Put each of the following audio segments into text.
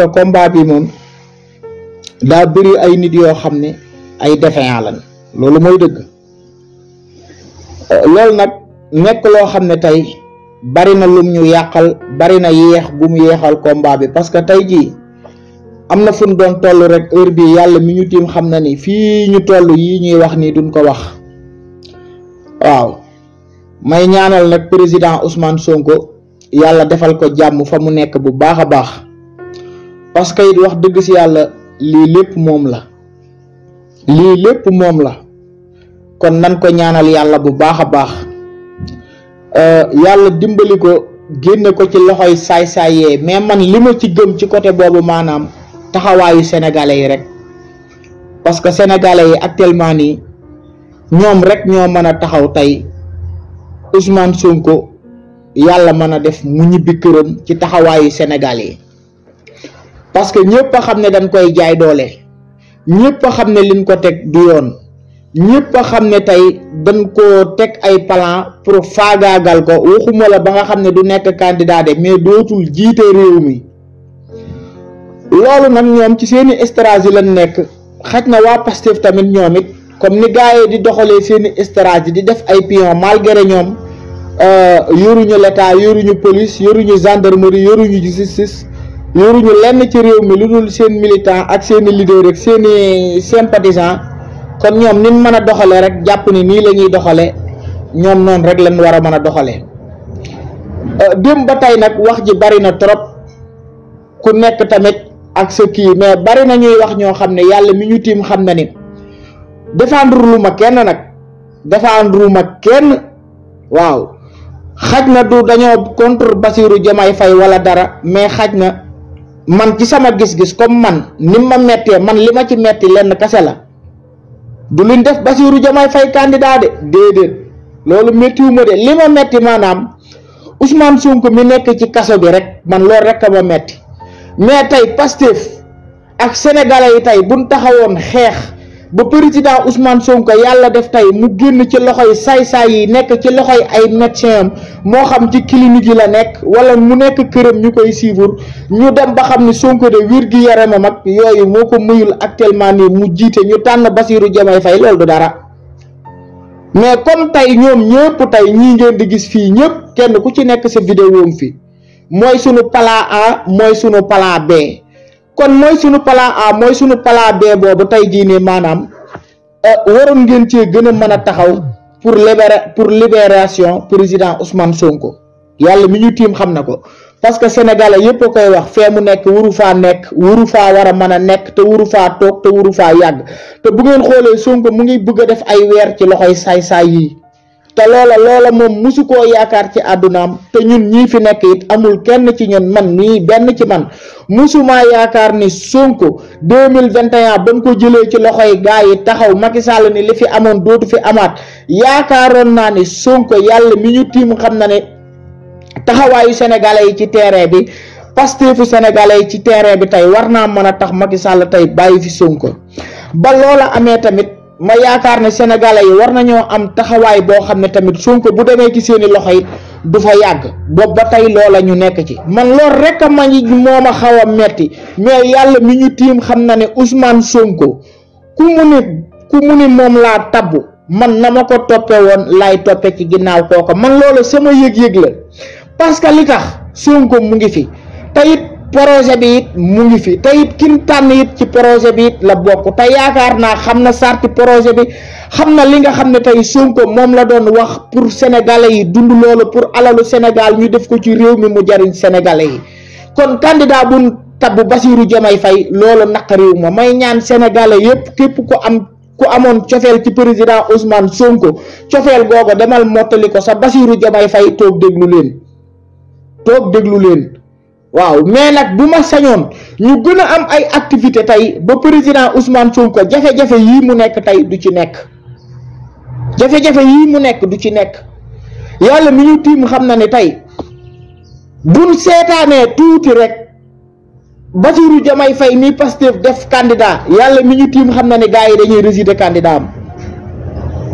te combat bi moom daa bëri ay nit yoo xam ne ay défaillant lan loolu mooy dëgg euh, loolu nag nekk loo xam ne tey bari na lum ñu yàqal bari na yeex gu mu yeexal combat bi parce que tey jii am na doon toll rek heure bi yàlla mi ñu tiim xam ni fii ñu toll yii ñuy wax nii duñ ko wax waaw may ñaanal nag président Ousmane Sonko yàlla defal ko jàmm fa mu nekk bu baax baax parce que it wax deug ci yalla li lepp mom la li lepp mom la kon nan ko ñaanal yalla bu baax euh yalla dimbali ko genné ko ci loxoy say sayé mais man li ci gëm ci côté bobu manam taxawayu sénégalais yi rek parce que sénégalais actuellement ni ñom rek ñoo mëna taxaw tay Ousmane Sonko yalla mëna def mu ñibbi këram ci taxawayu sénégalais parce que ñëpp xam ne dañ koy jaay doole ñëpp xam ne liñ ko teg du yoon ñëpp xam ne tey dañ ko teg ay plan pour faagaagal ko waxuma la ba nga xam ne du nekk candidat de mais dootul jiite réew mi loolu nag ñoom ci seeni stratégie lañ nekk xaj na waa Pastef tamit ñoom it comme ni gars di doxalee seeni yi di def ay pion malgré ñoom euh, yoruñu l'état yoruñu police yoruñu gendarmerie yoruñu justice ñu lenn ci réew mi lu seen militant ak seen leader ak seen i sympathisant kon ñoom nin mën a doxale rek jàpp ni nii la ñuy doxale ñoom noonu rek lañ war a mën a doxale euh, dem ba tey nag wax ji bari na trop ku nekk tamit ak sa kii mais bari na ñuy wax ñoo xam ne mi ñu tiim xam na ni défendre lu ma kenn nag défendre lu ma kenn waaw xaj na du dañoo contre basiru fay wala dara mais xaj man ci sama gis-gis comme man ni ma mettee man li ma ci metti lenn kase la du luñ def Basiiru Jomaay Fay candidat de déedéet loolu méttiwuma de li ma metti maanaam Ousmane Sonko mi nekk ci kaso bi rek man loolu rek a ma metti mais tey Pastef ak sénégalais yi tey buñ taxawoon xeex ba président Ousmane Sonko yàlla def tey mu génn ci loxoy saay-saay yi nekk ci loxoy ay médecin moo xam ci clinique yi la nekk wala mu nekk këram ñu koy suivre ñu dem ba xam ne Sonko de wér gi yaramam ak yooyu moo ko muyul actuellement nii mu jiite ñu tànn Basirou Diomaye Faye loolu du dara mais comme tey ñoom ñëpp tey ñii ngeen di gis fii ñëpp kenn ku ci nekk sa vidéo am fii mooy sunu plan A mooy sunu plan B. kon mooy sunu palaa am mooy sunu plan B boobu tey jii nii maanaam eh, waroon ngeen cee gën a mën a taxaw pour libérer pour libération président Ousmane Sonko yàlla mi ñu tiim xam na ko parce que sénégalais yépp a koy wax fee mu nekk wuru faa nekk wuru faa war mën a nekk te wuru faa toog te wuru faa yàgg te bu ngeen xoolee Sonko mu ngi bugg a def ay weer ci loxoy saay-saay yi. te loola loola moom musu koo yaakaar ci àddunaam te ñun ñii fi nekk it amul kenn ci ñun man mii benn ci man musumaa yaakaar ni Sonko 2021 ba mu ko jëlee ci loxoy gaa yi taxaw Macky Sall ni li fi amoon dootu fi amaat yaakaaroon naa ni Sonko yàlla mi ñu tiim xam na ne taxawaayu sénégalais yi ci terrain bi Pastefu sénégalais yi ci terrain bi tey war naa mën a tax Macky Sall tey bàyyi fi Sonko ba loola amee tamit. ma yaakaar ne sénégalais yi war nañoo am taxawaay boo xam ne tamit Sonko bu demee ci seeni loxo yi du fa yàgg boobu ba tey loola ñu nekk ci man loolu rek a ma ngi moo ma xaw metti mais yàlla mi ñu tiim xam na ne Ousmane Sonko ku mu ku mu ni moom laa tabbu man na ma ko toppe woon laay toppe ci ginnaaw kooka man loolu sama yëg-yëg la parce que li tax Sonko mu ngi fi te projet bi it mu ngi fi te it kin tànn it ci projet bi it la bokk te yaakaar naa xam na sarti projet bi xam na li nga xam ne tey Sonko moom la doon wax pour sénégalais yi dund loolu pour alalu Sénégal ñu def ko ci réew mi mu jariñ sénégalais yi kon candidat bu tabbu Bassirou Diomaye Faye loolu naqariw ma may ñaan sénégalais yépp képp ku am ku amoon cofeel ci président Ousmane Sonko cofeel googu demal mottali ko sa Bassirou Diomaye fay toog déglu leen toog déglu leen waaw mais nag bu ma sañoon ñu gën a am ay activité tey ba président Ousmane Sonko jafe-jafe yii mu nekk tey du ci nekk jafe-jafe yii mu nekk du ci nekk yàlla mi ñu tiim xam na ne tey buñ seetaanee tuuti rek Bassirou Diomaye Faye mi Pastef def candidat yàlla mi ñu tiim xam na ne gars yi dañuy rejeter candidat am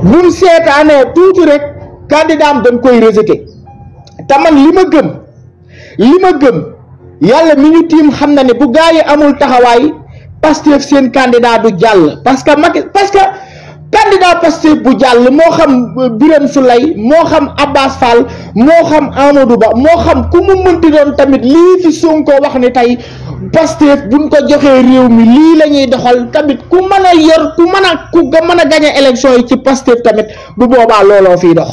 buñ seetaanee tuuti rek candidat am dañ koy rejeter te man li ma gëm li ma gëm yàlla mu ñu tiim xam na ne bu gaa yi amul taxawaay Pastef seen candidat du jàll parce que Macky parce que candidat Pastef bu jàll moo xam Birame Souleye moo xam Abbas Fall moo xam Amadou Ba moo xam ku mu mënti doon tamit lii fi Sonko wax ni tey Pastef buñ ko joxee réew mi lii la ñuy doxal tamit ku mën a yor ku mën a ku mën a gañe élection yi ci Pastef tamit bu boobaa looloo fiy dox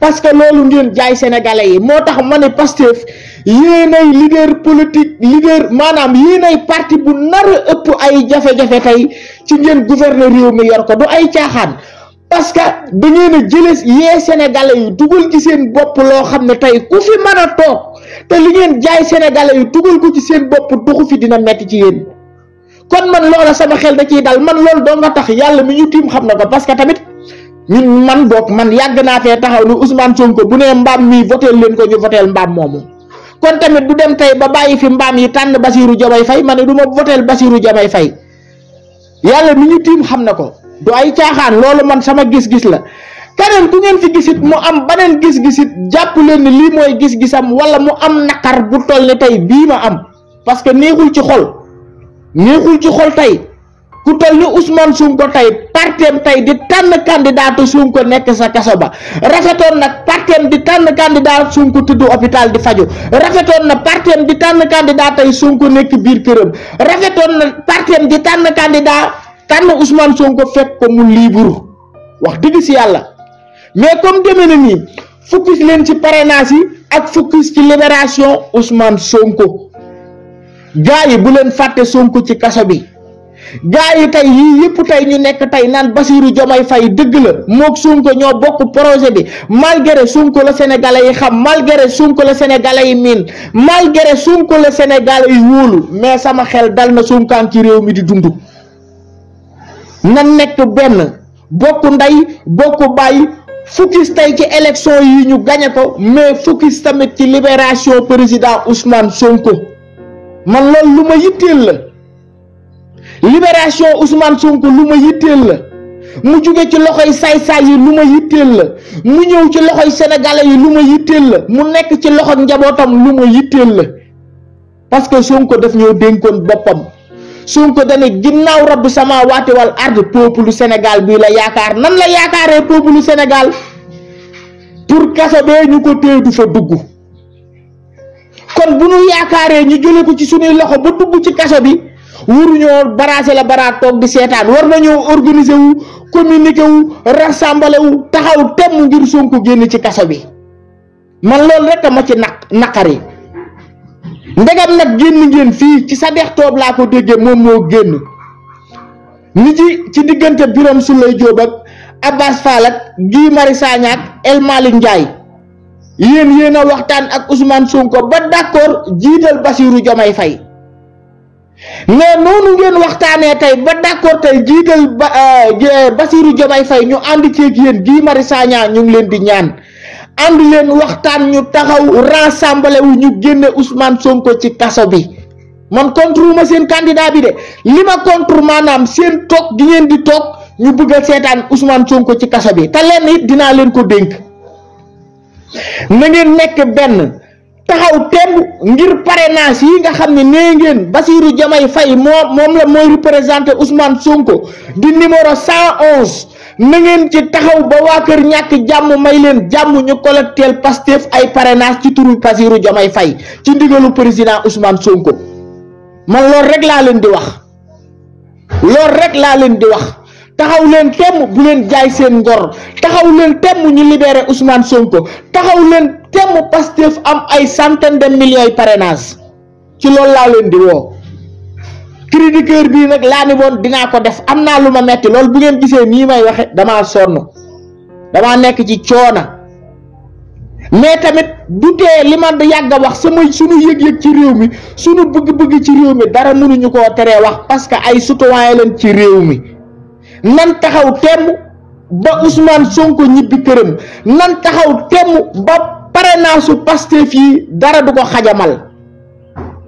parce que loolu ngeen jaay sénégalais yi moo tax ma ne Pastef yéenay leader politique leader maanaam yéenay parti bu nar a ëpp ay jafe-jafe tey ci ngeen gouverneur réew mi yor ko du ay caaxaan parce que da ngeen a jële yee sénégalais yi dugal ci seen bopp loo xam ne tey ku mën a toog te li ngeen jaay sénégalais yi dugal ko ci seen bopp duxu fi dina metti ci yéen kon man loola sama xel da ciy dal man loolu doo nga tax yàlla mi ñu tiim xam na ko parce que tamit. ñun man boog man yàgg naa fee taxaw ni Ousmane Sonko bu nee mbaam mii voteel leen ko ñu voteel mbaam moomu kon tamit du dem tey ba bàyyi fi mbaam yi tànn Basirou Diomaye fay ma ne du ma voteel Basirou fay yàlla mi ñu tiim xam na ko du ay caaxaan loolu man sama gis-gis la keneen ku ngeen fi gisit mu am beneen gis-gisit jàpp leen ni lii mooy gis-gisam wala mu am naqar bu toll ni tey bii ma am parce que neexul ci xol neexul ci xol tey ku toll ni Ousmane Sonko tey partem tey di tànn candidat Sonko nekk sa kaso ba rafetoon nag partem di tànn candidat Sonko tudd hôpital di faju rafetoon na partem di tànn candidat tey Sonko nekk biir këram rafetoon na partem di tànn candidat tànn Ousmane Sonko fekk ko mu libre wax dëgg si yàlla mais comme demee na nii focus leen ci parrainage yi ak focus ci libération Ousmane Sonko gars yi bu leen fàtte Sonko ci kaso bi. gaa yi tey yii yëpp tey ñu nekk tey naan Bassirou Diomaye Faye dëgg la mook Sonko ñoo bokk projet bi malgré sunk la Sénégalais yi xam malgré Sonko la Sénégalais yi miin malgré Sonko la Sénégalais wóolu mais sama xel dal na Sonkaan ci réew mi di dund na nekk benn bokk ndey bokk bàyyi focus tey ci élection yi ñu gañe ko mais focus tamit ci libération président Ousmane Sonko man loolu lu ma yitteel la libération Ousmane Sonko luma yittel la mu jugge ci loxoy say say yi luma yittel la mu ñew ci loxoy sénégalais yi luma yittel la mu nekk ci loxo njabotam luma yittel parce que Sonko daf ñew denkon bopam Sonko dañe ginnaw rabb sama waati wal ard peuple Sénégal bi la yaakar nan la yaakaré peuple Sénégal pour kaso be ñuko ko du fa dugg kon bu ñu yaakaré ñu jëlé ko ci suñu loxo bu dugg ci bi Wurnyo baraase la bara toog di seetaan war nañoo organiser wu communiquer wu rassembler wu taxaw temm ngir sonku génn ci kaso bi man loolu rek a ma ci naq naqari ndegam nag génn ngeen fii ci sa dex toob laa ko déggee moom moo génn ni ci ci diggante birom sulay Diop ak Abbas Fall ak Guy El malik Ndiaye yéen yéen a waxtaan ak Ousmane Sonko ba d'accord jiital fay mais noonu ngeen waxtaanee tey ba d'accord tey jiital ba euh, euh, Bassirou Diomaye Faye ñu ànd ceeg yéen gii Marius Sagna ñu ngi leen di ñaan ànd leen waxtaan ñu taxaw rassembler wu ñu génne Ousmane Sonko ci kaso bi man contre ma seen candidat bi de li ma contre maanaam seen toog gi ngeen di toog ñu bëgg a seetaan Ousmane Sonko ci kaso bi te lenn it dinaa leen ko dénk na ngeen nekk benn. taxaw temb ngir parrainage yi nga xam ne nee ngeen Bassirou Diomaye Faye moo moom la mooy représenté Ousmane Sonko di numéro 111 na ngeen ci taxaw ba waa kër ñàkk jàmm may leen jàmm ñu collecteel Pastef ay parrainage ci turu Bassirou Diomaye fay ci ndigalu président Ousmane Sonko man loolu rek laa leen di wax loolu rek laa leen di wax. taxaw leen temm bu leen jaay seen ngor taxaw leen temm ñu libéré Ousmane Sonko taxaw leen temm Pastef am ay centaine de millions yi parrainage ci loolu laa leen di woo critiqueur bii nag laa ni woon dinaa ko def am naa lu ma metti loolu bu ngeen gisee nii may waxe damaa sonn damaa nekk ci coona mais tamit du tee li ma yàgg a wax sama sunu yëg-yëg ci réew mi sunu bëgg-bëgg ci réew mi dara mënuñu koo teree wax parce que ay citoyen leen ci réew mi nan taxaw temm ba Ousmane Sonko ñibbi këram nan taxaw temm ba pare naa su Pastef yi dara du ko xajamal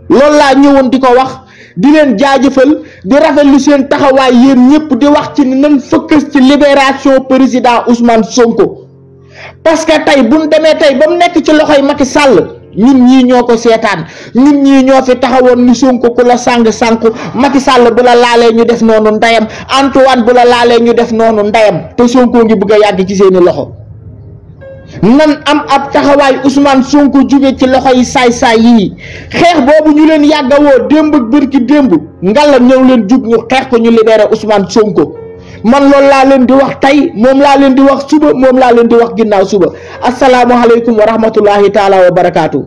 loolu laa ñëwoon di ko wax di leen jaajëfal di lu seen taxawaay yéen ñëpp di wax ci nan focus ci libération président Ousmane Sonko parce que tey bu ñu demee tey ba mu nekk ci loxoy Macky Sall. ñun ñii ñoo ko seetaan ñun ñii ñoo fi taxawoon ni Sonko ku la sàng sànku Macky Sall bu la laalee ñu def noonu ndeyam Antoine bu la laalee ñu def noonu ndayam te Sonko ngi bëgg a yàgg ci seeni loxo nan am ab taxawaay Ousmane Sonko juge ci loxo yi saay-saay yii xeex boobu ñu leen yàggawoo démb ak ki démb ngalla ñëw leen jug ñu xeex ko ñu libéré Ousmane Sonko man loolu laa leen di wax tey moom laa leen di wax suba moom laa leen di wax ginnaaw suba asalaamualeykum wa rahmatullahi taala wa barakaatu.